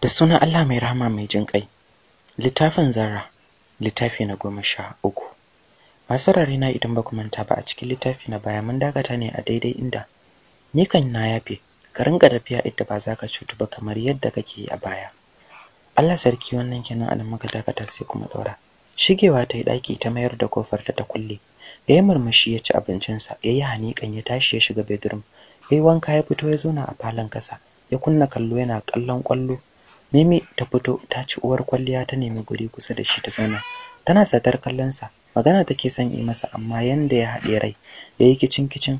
da sunan Allah mai rahama mai jin kai littafin zarra littafi na goma sha uku masu na idan ba ku manta ba a cikin littafi na baya mun dakata ne a daidai inda ni kan na yafe ka rinka tafiya inda ba za ka cutu ba kamar yadda kake yi a baya Allah sarki wannan kenan a nan muka dakata sai kuma ɗaura shigewa ta yi ɗaki ta mayar da kofar ta ta kulle ya murmushi ya ci abincinsa ya yi hanikan ya tashi ya shiga bedroom ya yi wanka ya fito ya zauna a falon kasa ya kunna kallo yana kallon kwallo Mimi ta fito ta ci uwar kwalliya ta nemi guri kusa da shi ta zauna. Tana satar kallonsa, magana take son yi masa amma yanda ya haɗe rai, ya yi kicin kicin.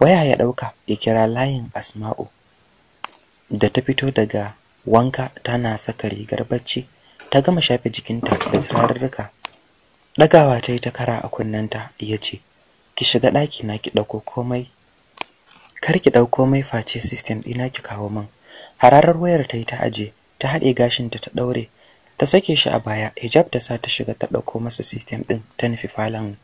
Waya ya ɗauka ya kira layin Asma'u da ta fito daga wanka tana saka rigar bacci. Ta gama shafe jikinta da turarurruka. Ɗagawa ta yi ta kara a kunnenta ya ce, Ki shiga ɗaki na ki ɗauko komai. Kar ki ɗauko mai face system ɗina ki kawo min. Hararar wayar ta yi ta aje ta haɗe gashinta ta ɗaure ta sake shi a baya hijab ta sa ta shiga ta ɗauko masa system ɗin ta nufi falon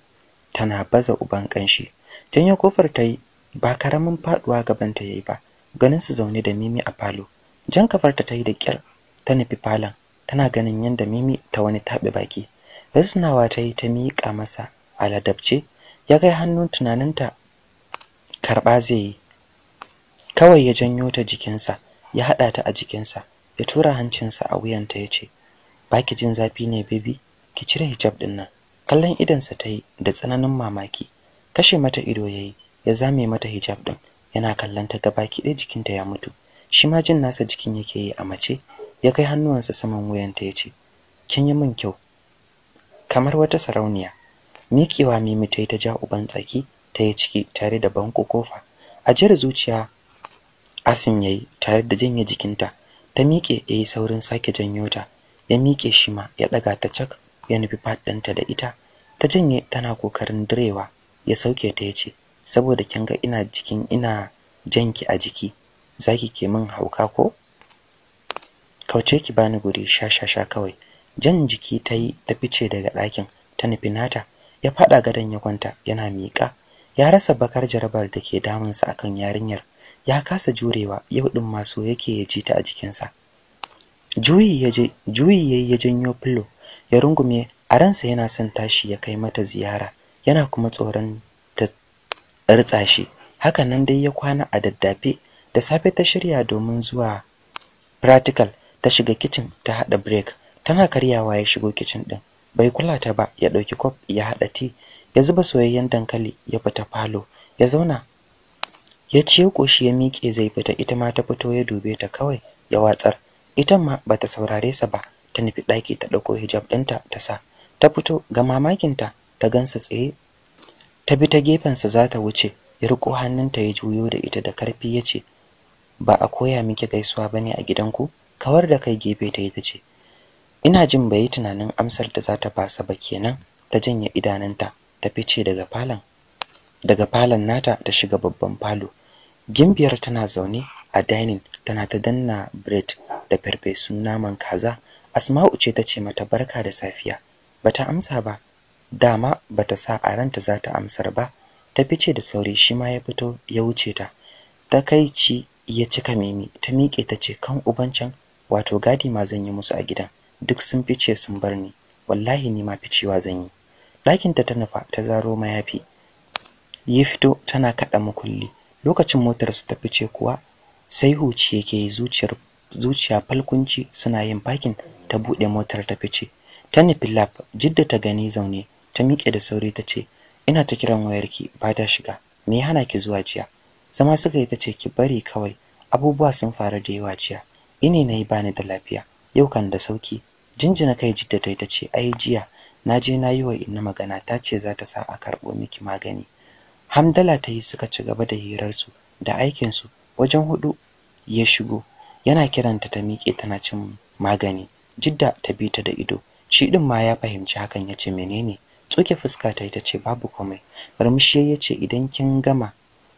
tana baza uban ƙanshi janyo kofar ta yi ba karamin faɗuwa gaban ta yayi ba ganin su zaune da mimi a falo jan kafarta ta yi da ƙyar ta nufi falon tana ganin yadda mimi ta wani taɓe baki risnawa ta yi ta miƙa masa aladabce ya kai hannun tunaninta karɓa zai yi kawai ya janyo ta jikinsa ya haɗa ta a jikinsa ya tura hancinsa a wuyanta ya ce baki jin zafi ne bibi. ki cire hijab din nan kallon idonsa ta yi da tsananin mamaki kashe mata ido ya yi ya zame mata hijab din yana kallon ta gabaki ɗaya jikinta ya mutu shi ma jin nasa jikin yake yi a mace ya kai hannuwansa saman wuyanta ya ce kin yi min kyau kamar wata sarauniya miƙewa mimi ta yi ta ja uban tsaki ta yi ciki tare da banko kofa ajiyar zuciya asim ya yi tare da janye jikinta ta miƙe ya yi saurin sake janyo ta ya miƙe shi ma ya ɗaga ta cak ya nufi faɗinta da ita ta janye tana kokarin direwa ya sauke ta ya ce saboda kin ga ina jikin ina janki a jiki zaki ke min hauka ko kauce ki bani guri sha sha sha kawai jan jiki ta yi ta fice daga ɗakin ta nufi nata ya faɗa gadon ya kwanta yana miƙa ya rasa bakar jarabar da ke damunsa akan yarinyar ya kasa jurewa yau din maso yake ya ji ta a jikinsa juyi ya je juyi ya janyo filo. ya rungume a ransa yana son tashi ya kai mata ziyara yana kuma tsoron ta ritsa shi Haka nan dai ya kwana a daddafe da safe ta shirya domin zuwa practical ta shiga kitchen ta hada break tana karyawa ya shigo kitchen din bai kula ta ba ya dauki cup ya hada tea ya zuba soyayyen dankali ya fita falo ya zauna ya ciye ya koshi ya miƙe zai fita ita ma ta fito ya dube ta kawai ya watsar ita ma bata saurare sa ba ta nufi ɗaki ta ɗauko hijab ɗinta ta sa ta fito ga mamakinta ta gansa tsaye ta bi ta gefensa za ta wuce ya riko hannunta ya juyo da ita da karfi ya ce ba a koya miki gaisuwa ba ne a gidanku kawar da kai gefe ta yi ta ce ina jin bai tunanin amsar da za ta basa ba kenan ta janye idanunta ta fice daga falon daga falon nata ta shiga babban falo gimbiyar tana zaune a dining tana ta danna bread da farfesun naman kaza asma'u ce ta ce mata barka da safiya bata amsa ba dama bata sa a ranta za ta amsar ba ta fice da sauri shi ma ya fito ya wuce ta Ta kai ci ya cika mimi ta miƙe ta ce kan ubancan wato gadi ma zan yi musu a gidan duk sun fice sun bar ni wallahi ni ma ficewa zan yi ɗakinta ta nufa ta zaro mayafi ya fito tana kaɗa makulli lokacin motar su ta fice kuwa sai huci yake zuciyar zuciya falkunci suna yin fakin ta buɗe motar ta fice ta nufi lab jidda ta gani zaune ta miƙe da sauri ta ce ina ta kiran wayarki ba ta shiga me hana ki zuwa jiya zama suka yi ta ce ki bari kawai abubuwa sun faru da yawa jiya ini na yi bani da lafiya yau kan da sauki jinjina kai jidda ta ce ai jiya na je na yi wa inna magana ta ce za ta sa a karɓo miki magani hamdala ta yi suka ci gaba da hirarsu da aikinsu wajen hudu ya shigo yana kiranta ta miƙe tana cin magani jidda ta bi ta da ido shi din ma ya fahimci hakan ya ce menene tsoke fuska ta ita ce babu komai murmushi ya ce idan kin gama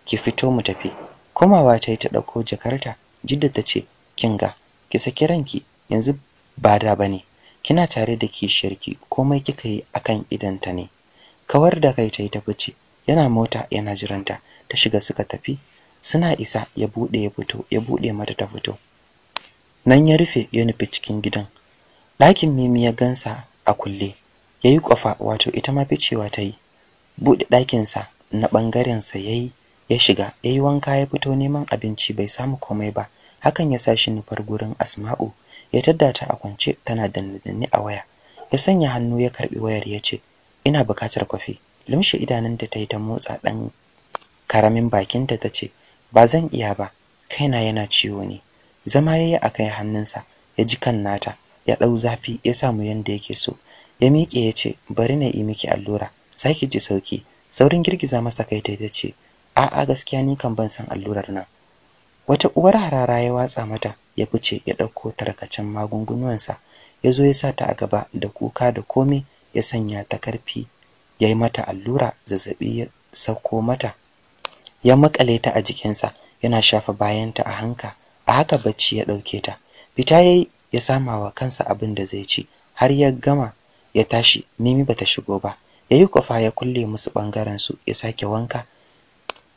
ki fito mu tafi komawa ta yi ta ɗauko jakarta jidda ta ce kin ga ki saki ranki yanzu ba da ba ne. kina tare da kishiyarki komai kika yi akan idanta ne kawar da kai ta yi ta fice yana mota yana jiranta ta shiga suka tafi suna isa ya bude ya fito ya bude mata ta fito nan ya rufe ya nufi cikin gidan ɗakin mimi ya gansa a kulle ya yi ƙofa wato ita ma ficewa ta yi buɗe ɗakinsa na ɓangarensa ya yi ya shiga ya yi wanka ya fito neman abinci bai samu komai ba hakan ya sa shi nufar gurin asma'u ya tadda ta a kwance tana danne-danne a waya ya sanya hannu ya karɓi wayar ya ce ina buƙatar kwafi lumshe idanunta ta yi ta motsa ɗan karamin bakinta ta ce ba zan iya ba kaina yana ciwo ne zama yayi a kai hannunsa ya ji kan nata ya ɗau zafi ya samu yanda yake so ya miƙe ya ce bari na yi miki allura sai ki ji sauki saurin girgiza masa kai ta ce a'a gaskiya ni kan ban san allurar nan wata uwar harara ya watsa mata ya fice ya ɗauko tarkacen magungunansa ya zo ya sa ta a gaba da kuka da komai ya sanya ta karfi ya yi mata allura zazzabi ya sauko mata ya makale ta a jikinsa yana shafa bayanta a hanka a haka bacci ya ɗauke ta fita ya ya sama wa kansa abin da zai ci har ya gama ya tashi mimi bata shigo ba yayi yi kwafa ya kulle musu ɓangaren su ya sake wanka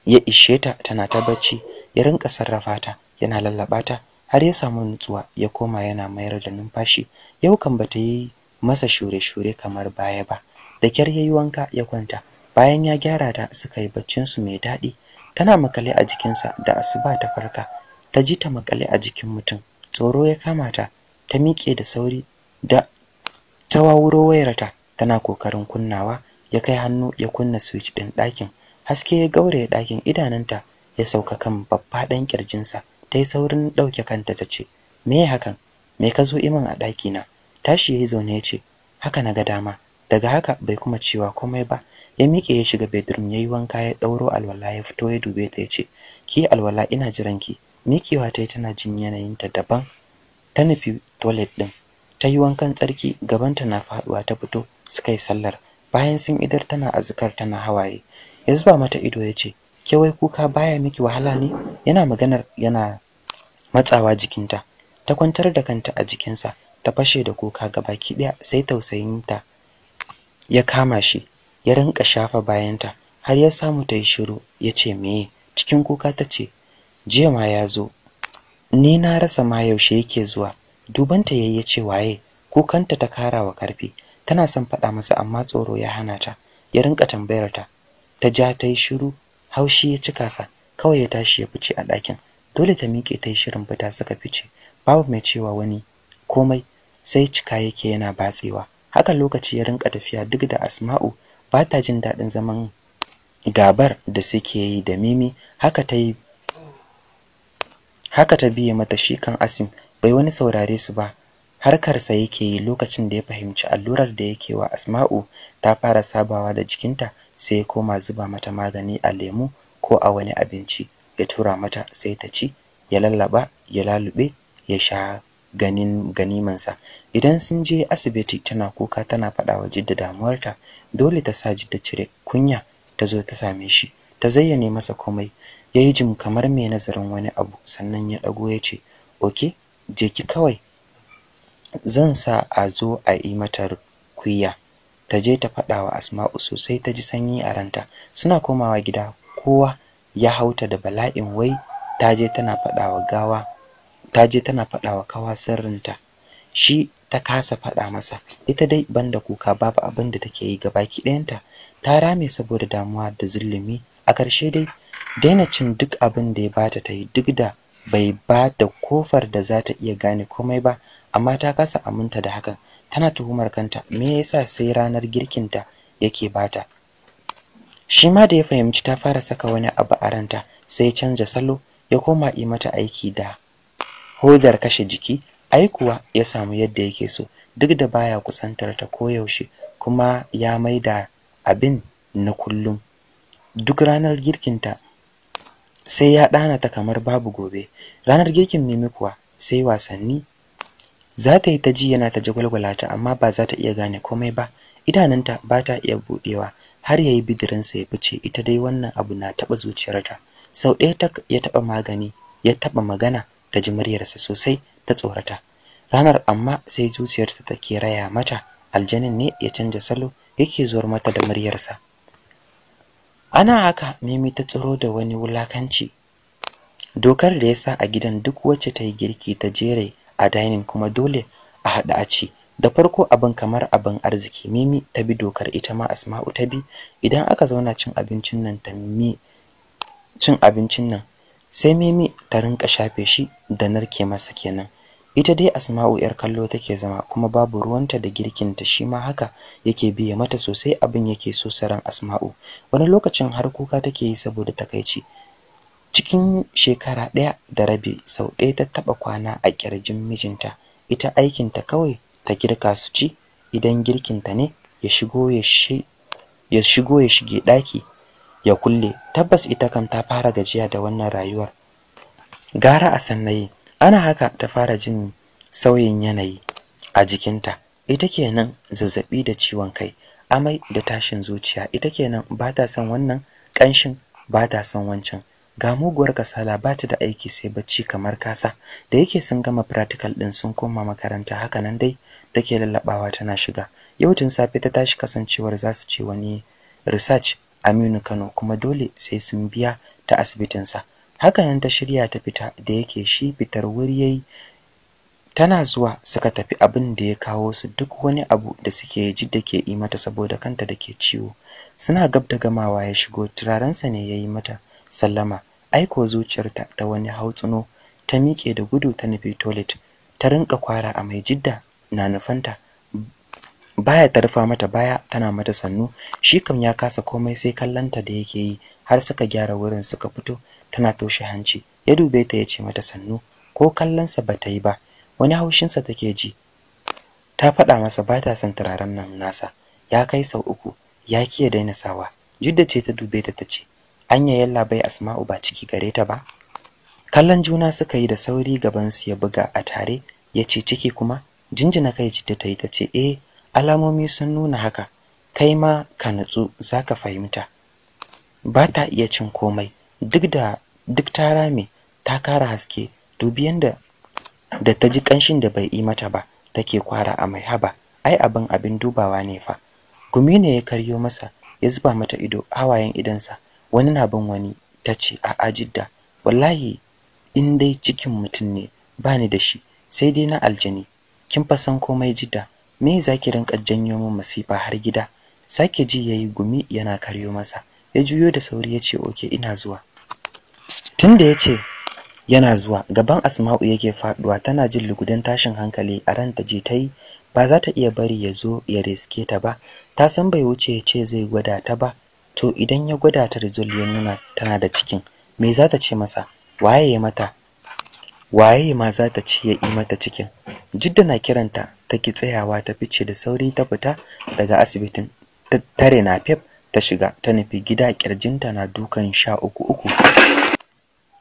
ya ishe ta tana ta bacci ya rinka sarrafa ta yana lallaba ta har ya samu nutsuwa ya koma yana mayar da numfashi yau kan bata yi masa shure-shure kamar baya ba da kyar yayi wanka ya kwanta bayan ya gyara ta suka yi baccin su mai daɗi tana makale a jikinsa da asuba ta farka ta ji ta makale a jikin mutum tsoro ya kama ta ta miƙe da sauri da ta wawuro wayarta tana kokarin kunnawa ya kai hannu ya kunna switch ɗin ɗakin haske ya gauraya ɗakin idanunta ya sauka kan babbaɗan ƙirjinsa ta yi saurin ɗauke kanta ta ce me hakan me ka zo imin a ɗakina tashi ya yi zaune ya ce haka na ga dama daga haka bai kuma cewa komai ba ya miƙe ya shiga bedroom yayi wanka ya ɗauro alwala ya fito ya dube ta yace ki alwala ina jiran ki mikewa ta tana jin yanayin ta daban ta nufi toilet din ta yi wankan tsarki gabanta na faduwa ta fito suka yi sallar bayan sun idar tana azkar tana hawaye ya zuba mata ido ya ce ke wai kuka baya miki wahala ne yana maganar yana matsawa jikinta ta kwantar da kanta a jikinsa ta fashe da kuka gabaki daya sai tausayin ta. ya kama shi ya rinka shafa bayanta har ya samu ta yi shiru ya ce meye cikin kuka ta ce jiya ma ya zo ni na rasa ma yaushe yake zuwa dubanta yayi ya ce waye kukanta ta kara wa karfi tana son faɗa masa amma tsoro ya hana ta ya rinka tambayar ta ta ja ta yi shiru haushi ya cika sa kawai ya tashi ya fice a ɗakin dole ta miƙe ta yi shirin fita suka fice babu mai cewa wani komai sai cika yake yana batsewa haka lokaci ya rinka tafiya duk da asma'u ba ta jin daɗin zaman gabar da suke yi da mimi haka ta yi haka ta biye mata shi kan asim bai wani saurare su ba harkarsa yake yi lokacin da ya fahimci allurar da yake wa asma'u ta fara sabawa da jikinta sai ya koma zuba mata magani a lemu ko a wani abinci ya tura mata sai ta ci ya lallaba ya lalube ya sha ganin ganimansa idan sun je asibiti tana kuka tana faɗa wa jidda damuwarta dole ta sa jidda cire kunya ta zo ta same shi ta zayyane masa komai ya yi jim kamar mai nazarin wani abu sannan ya ɗago ya ce oke je ki kawai zan sa a zo a yi mata kuya ta je ta faɗa wa asma'u sosai ta ji sanyi a ranta suna komawa gida kowa ya hauta da bala'in wai ta je tana faɗa ta je tana faɗa wa kawa sirrinta shi ta kasa faɗa masa ita dai banda kuka babu abin da take yi gabaki ɗayanta ta rame saboda damuwa da zulumi a ƙarshe dai daina cin duk abin da ya bata ta yi duk da bai ba da kofar da za ta iya gane komai ba amma ta kasa aminta da hakan tana tuhumar kanta me yasa sai ranar girkinta yake bata shi ma da ya fahimci ta fara saka wani abu a ranta sai ya canja salo ya koma yi mata aiki da hodar kashe jiki ai kuwa ya samu yadda yake so duk da baya kusantar ta koyaushe kuma ya maida abin na kullum duk ranar girkinta sai ya ɗanata ta kamar babu gobe ranar girkin mimi kuwa sai wasanni za ta yi ta ji yana ta jagwalgwala ta amma ba za ta iya gane komai ba idanunta ba ta iya buɗewa har ya yi bidirinsa ya fice ita dai wannan abu na taɓa zuciyarta sau ɗaya ya taɓa magani ya taɓa magana ta ji muryarsa sosai ta tsorata ranar amma sai zuciyarta take raya mata aljanin ne ya canja salo yake zuwar mata da muryarsa ana haka mimi ta tsoro da wani wulakanci dokar da ya sa a gidan duk wacce ta yi girki ta jere a dining kuma dole a haɗa a ci da farko abin kamar abin arziki mimi ta bi dokar ita ma asma'u ta bi idan aka zauna cin abincin nan ta mi cin abincin nan sai mimi ta rinka shafe shi da narke masa kenan ita dai asma'u yar kallo take zama kuma babu ruwanta da girkinta shi ma haka yake biye mata sosai abin yake so saran asma'u wani lokacin har kuka take yi saboda takaici cikin shekara ɗaya da rabi sau ɗaya ta taɓa kwana a ƙirjin mijinta ita aikinta kawai ta girka su ci idan girkinta ne ya shigo ya shi ya shigo ya shige ɗaki ya kulle tabbas ita kan ta fara gajiya da wannan rayuwar gara a sannayi ana haka ta fara jin sauyin yanayi a jikinta ita kenan zazzabi da ciwon kai amai da tashin zuciya ita kenan ba ta son wannan ƙanshin ba ta son wancan ga muguwar kasala ba ta da aiki sai bacci kamar kasa da yake sun gama practical din sun koma makaranta haka nan dai take lallabawa tana shiga yau tun safe ta tashi kasancewar za su ce wani research Aminu Kano kuma dole sai sun biya ta asibitinsa haka nan ta shirya ta fita da yake shi fitar wuri yayi tana zuwa suka tafi abin da ya kawo su duk wani abu da suke ji da ke yi mata saboda kanta da ke ciwo suna gab da gamawa ya shigo turarensa ne yayi mata sallama aiko zuciyarta ta wani hautsuno ta miƙe da gudu ta nufi toilet ta rinka kwara a mai jidda na nufanta baya tarfa mata baya tana mata sannu shi kam ya kasa komai sai kallanta da yake yi har suka gyara wurin suka fito tana toshe hanci ya dube ta ya ce mata sannu ko kallonsa ba ta yi ba wani haushinsa take ji ta faɗa masa ba ta son turaren nan nasa ya kai sau uku ya kiya daina sawa jidda ce ta dube ta tace anya yalla bai asma'u ba ciki gare ta ba kallon juna suka yi da sauri gaban su ya buga a tare ya ce ciki kuma jinjina kai jidda ta yi ta ce eh alamomi sun nuna haka kai ma ka nutsu za ka fahimta ba ta iya cin komai duk da duk ta rame ta kara haske dubi yanda da ta ji kanshin da bai yi mata ba take kwara a mai haba ai abin abin dubawa ne fa gumi ne ya karyo masa ya zuba mata ido hawayen idansa wani na bin wani ta ce a'a jidda wallahi in dai cikin mutum ne ba ni da shi sai dai na aljani kin fa san komai jidda me za ki rinka janyo min masifa har gida sake ji yayi gumi yana karyo masa ya juyo da sauri ya ce oke ina zuwa tunda ya ce yana zuwa gaban asma'u yake faduwa tana jin lugudan tashin hankali a ranta je ta yi ba za ta iya bari ya zo ya riske ta ba ta san bai wuce ya ce zai gwada ta ba to idan ya gwada ta rizul ya nuna tana da cikin me za ta ce masa waye ya mata waye ma za ta ce ya yi mata cikin jidda na kiranta ta ki tsayawa ta fice da sauri ta fita daga asibitin tare na fef ta shiga ta nufi gida kirjinta na dukan sha uku uku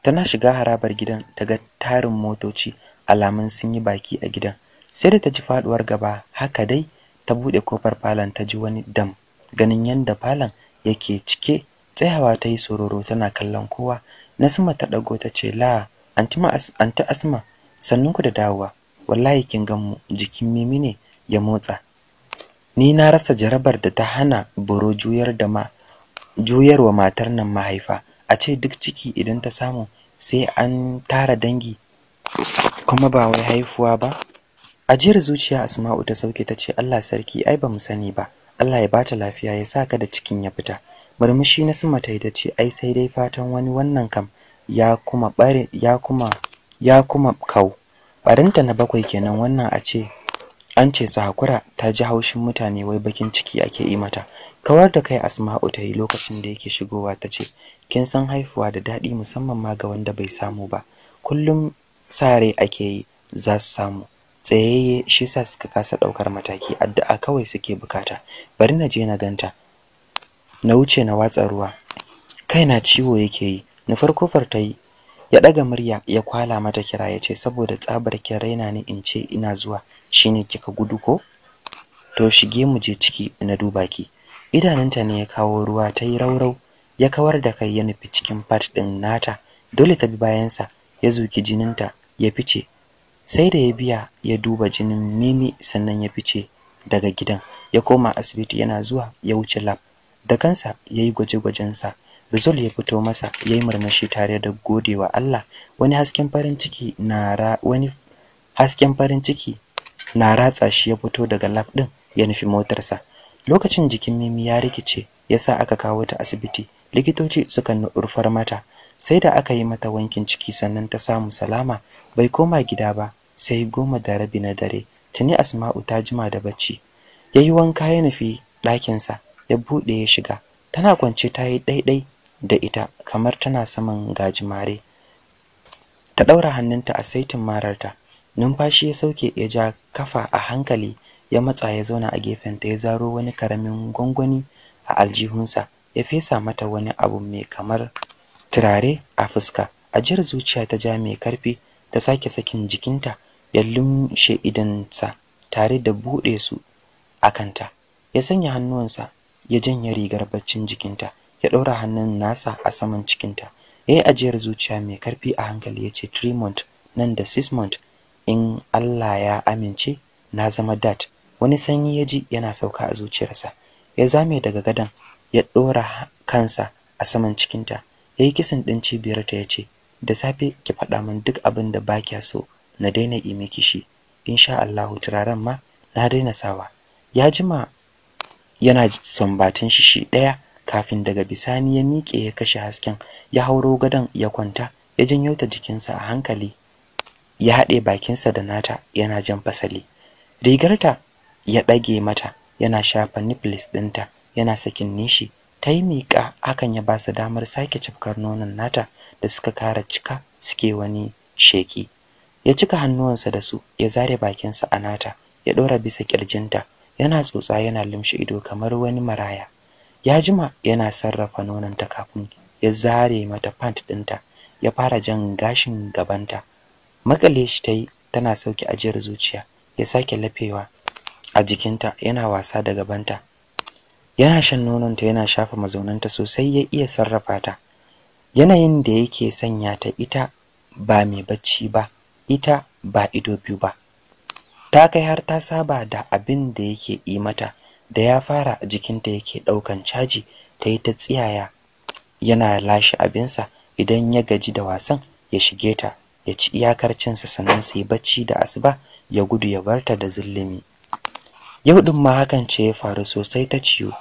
Tana shiga harabar gidan ta ga tarin motoci alamun sun yi baki a gidan. Sai da ta ji faduwar gaba haka dai ta buɗe kofar falon ta ji wani dam ganin yadda falon yake cike tsayawa ta yi sororo tana kallon kowa. Nasima ta ɗago ta ce la anti Asma sannunku da dawowa wallahi kin gan mu jikin mimi ne ya motsa. Ni na rasa jarabar da ta hana boro juyar da ma juyarwa matar nan mahaifa a ce duk ciki idan ta samu sai an tara dangi kuma ba wai haifuwa ba ajiyar zuciya asma'u ta sauke ta ce allah sarki ai ba mu sani ba allah ya bata lafiya ya sa ka da cikin ya fita murmushi na suma ta yi ta ce ai sai dai fatan wani wannan kam ya kuma bare ya kuma ya kuma kau barinta na bakwai kenan wannan a ce an ce hakura ta ji haushin mutane wai bakin ciki ake yi mata kawar da kai asma'u ta yi lokacin da yake shigowa ta ce kin san haifuwa da daɗi musamman ma ga wanda bai samu ba kullum sare ake yi za su samu tsayayye shi sa suka kasa ɗaukar mataki addu'a kawai suke bukata bari na je na ganta na wuce na watsa ruwa kai na ciwo yake yi na farko ta yi ya ɗaga murya ya kwala mata kira ya ce saboda tsabar kin raina ni in ce ina zuwa shine kika gudu ko to shige mu je ciki na duba ki idanunta ne ya kawo ruwa ta yi raurau ya kawar da kai ya nufi cikin fat ɗin nata dole ta bi bayansa ya zuki jininta ya fice sai da ya biya ya duba jinin mimi sannan ya fice daga gidan ya koma asibiti yana zuwa ya wuce lab da kansa yayi yi gwaje-gwajensa Rizal ya fito masa yayi murmushi tare da godewa Allah wani hasken farin ciki na ra wani hasken farin ciki na ratsa shi ya fito daga lab ɗin ya nufi motarsa lokacin jikin mimi ya rikice yasa aka kawo ta asibiti likitoci suka nurfar mata sai da aka yi mata wankin ciki sannan ta samu salama bai koma gida ba sai goma da rabi na dare tuni asma'u ta jima da bacci ya yi wanka ya nufi ɗakinsa ya buɗe ya shiga tana kwance ta yi ɗaiɗai da ita kamar tana saman gajimare ta ɗaura hannunta a saitin mararta numfashi ya sauke ya ja kafa a hankali ya matsa ya zauna a gefenta ya zaro wani karamin gwangwani a aljihunsa ya fesa mata wani abu mai kamar turare a fuska ajiyar zuciya ta ja mai karfi ta sake sakin jikinta ya lumshe idansa tare da buɗe su a kanta ya sanya hannuwansa ya janye rigar baccin jikinta ya ɗaura hannun nasa a saman cikinta ya yi ajiyar zuciya mai karfi a hankali ya ce tremont nan da sismont in allah ya amince na zama dat wani sanyi ya ji yana sauka a zuciyarsa ya zame daga gadon ya ɗora kansa a saman cikinta ya yi kisan ɗin cibiyarta ya ce da safe ki faɗa min duk abin da ba kya so na daina yi miki shi insha Allahu turaren ma na daina sawa ya jima yana sambatin shi shi ɗaya kafin daga bisani ya miƙe ya kashe hasken ya hauro gadon ya kwanta ya janyo ta jikinsa a hankali ya haɗe bakinsa da nata yana jan fasali rigarta ya ɗage mata yana shafa nipples ɗinta yana sakin nishi ta yi miƙa hakan ya ba su damar sake cifkar nonon nata da suka kara cika suke wani sheki ya cika hannuwansa da su ya zare bakinsa a nata ya ɗora bisa ƙirjinta yana tsotsa yana limshe ido kamar wani maraya ya jima yana sarrafa nononta kafin ya zare mata pant ɗinta ya fara jan gashin gabanta makale shi ta yi tana sauke ajiyar zuciya ya sake lafewa a jikinta yana wasa da gabanta yana shan nononta yana shafa mazaunanta sosai ya iya sarrafa ta yanayin da yake sanya ta ita ba mai bacci ba ita ba ido biyu ba ta kai har ta saba da abin da yake yi mata da ya fara jikinta yake ɗaukan caji ta yi ta tsiyaya yana lashe abinsa idan ya gaji da wasan ya shige ta ya ci iyakar cinsa sannan sai bacci da asuba ya gudu ya barta da zillimi yau din ma hakan ce ya faru sosai ta ciwo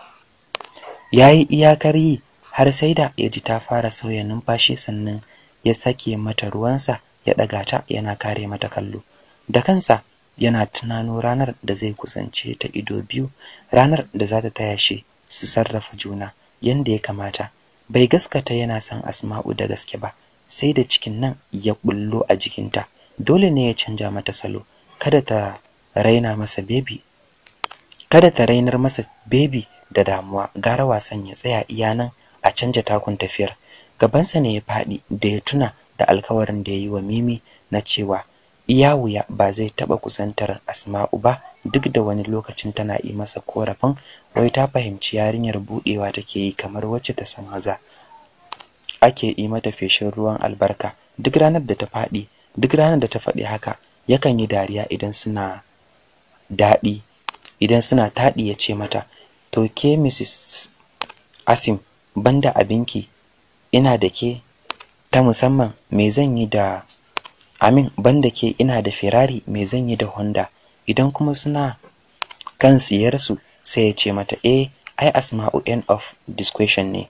ya yi iyakar yi har sai da ya ji ta fara sauya numfashi sannan ya sake mata ruwansa ya ɗaga ta yana kare mata kallo da kansa yana tunano ranar da zai kusance ta ido biyu ranar da za ta taya shi su sarrafa juna yadda ya kamata bai gaskata yana son asma'u da gaske ba sai da cikin nan ya bullo a jikinta dole ne ya canja mata salo kada ta raina masa bebi kada ta rainar masa baby da damuwa gara wasan ya tsaya iya nan a canja takun tafiyar gabansa ne ya faɗi da ya tuna da alkawarin da ya yi wa mimi na cewa iya wuya ba zai taɓa kusantar asma'u ba duk da wani lokacin tana yi masa korafin wai ta fahimci yarinyar buɗewa take yi kamar wacce ta san haza ake yi mata feshin ruwan albarka duk ranar da ta faɗi duk ranar da ta faɗi haka yakan yi dariya idan suna daɗi idan suna taɗi ya ce mata to ke mrs asim banda abinki ina da ke ta musamman me zan yi da amin banda ke ina da ferrari me zan yi da honda idan kuma suna kan siyarsu sai ya ce mata eh ai asma'u end of discussion ne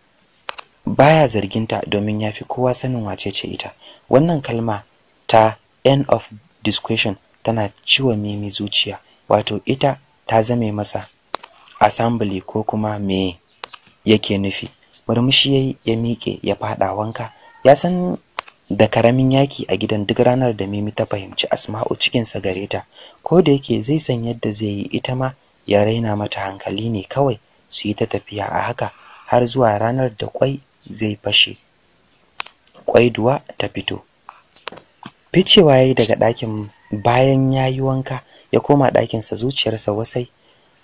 baya zarginta domin ya fi kowa sanin wace ce ita wannan kalma ta end of discussion tana ciwon mimi zuciya wato ita ta zame masa assembly ko kuma me yake nufi murmushi yayi ya miƙe ya fada wanka ya san da karamin yaki a gidan duk ranar da Mimi ta fahimci Asma'u cikin sa gare ta ko da yake zai san yadda zai yi ita ma ya raina mata hankali ne kawai su yi ta tafiya a haka har zuwa ranar da kwai zai fashe duwa ta fito ficewa yayi daga ɗakin bayan yayi wanka ya koma ɗakinsa zuciyarsa wasai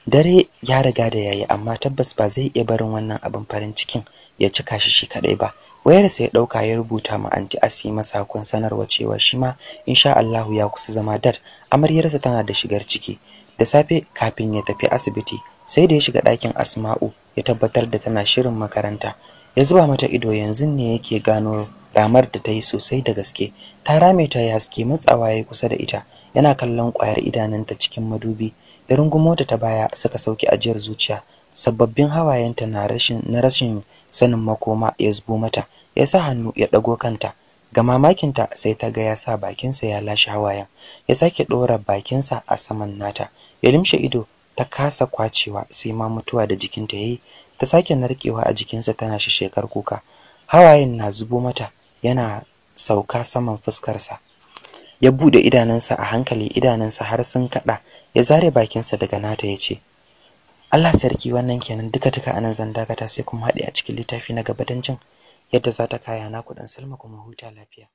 dare ya riga da yayi amma tabbas ba zai iya barin wannan abin farin cikin ya cika shi shi kadai ba wayarsa ya dauka ya rubuta ma anti Asima sakon sanarwa cewa shi ma insha Allahu ya kusa zama dar. amaryarsa tana da shigar ciki da safe kafin ya tafi asibiti sai da ya shiga ɗakin Asma'u ya tabbatar da tana shirin makaranta ya zuba mata ido yanzu ne yake gano ramar da ta yi sosai da gaske ta rame ta yi haske matsawa ya kusa da ita yana kallon ƙwayar idanunta cikin madubi ya rungumo ta baya suka sauki ajiyar zuciya sababbin hawayenta na rashin na rashin sanin makoma ya zubo mata ya sa hannu ya ɗago kanta ga mamakinta sai ta ga ya sa bakinsa ya lashe hawayen ya sake ɗora bakinsa a saman nata ya limshe ido ta kasa kwacewa sai ma mutuwa da jikinta ya yi ta sake narkewa a jikinsa tana shi shekar kuka hawayen na zubo mata yana sauka saman fuskarsa ya bude idanunsa a hankali idanunsa har sun kada ya zare bakinsa daga nata ya ce Allah sarki wannan kenan duka duka anan zan dakata sai kuma haɗe a cikin littafi na gaba don jin yadda za ta kaya na kuɗin salma kuma huta lafiya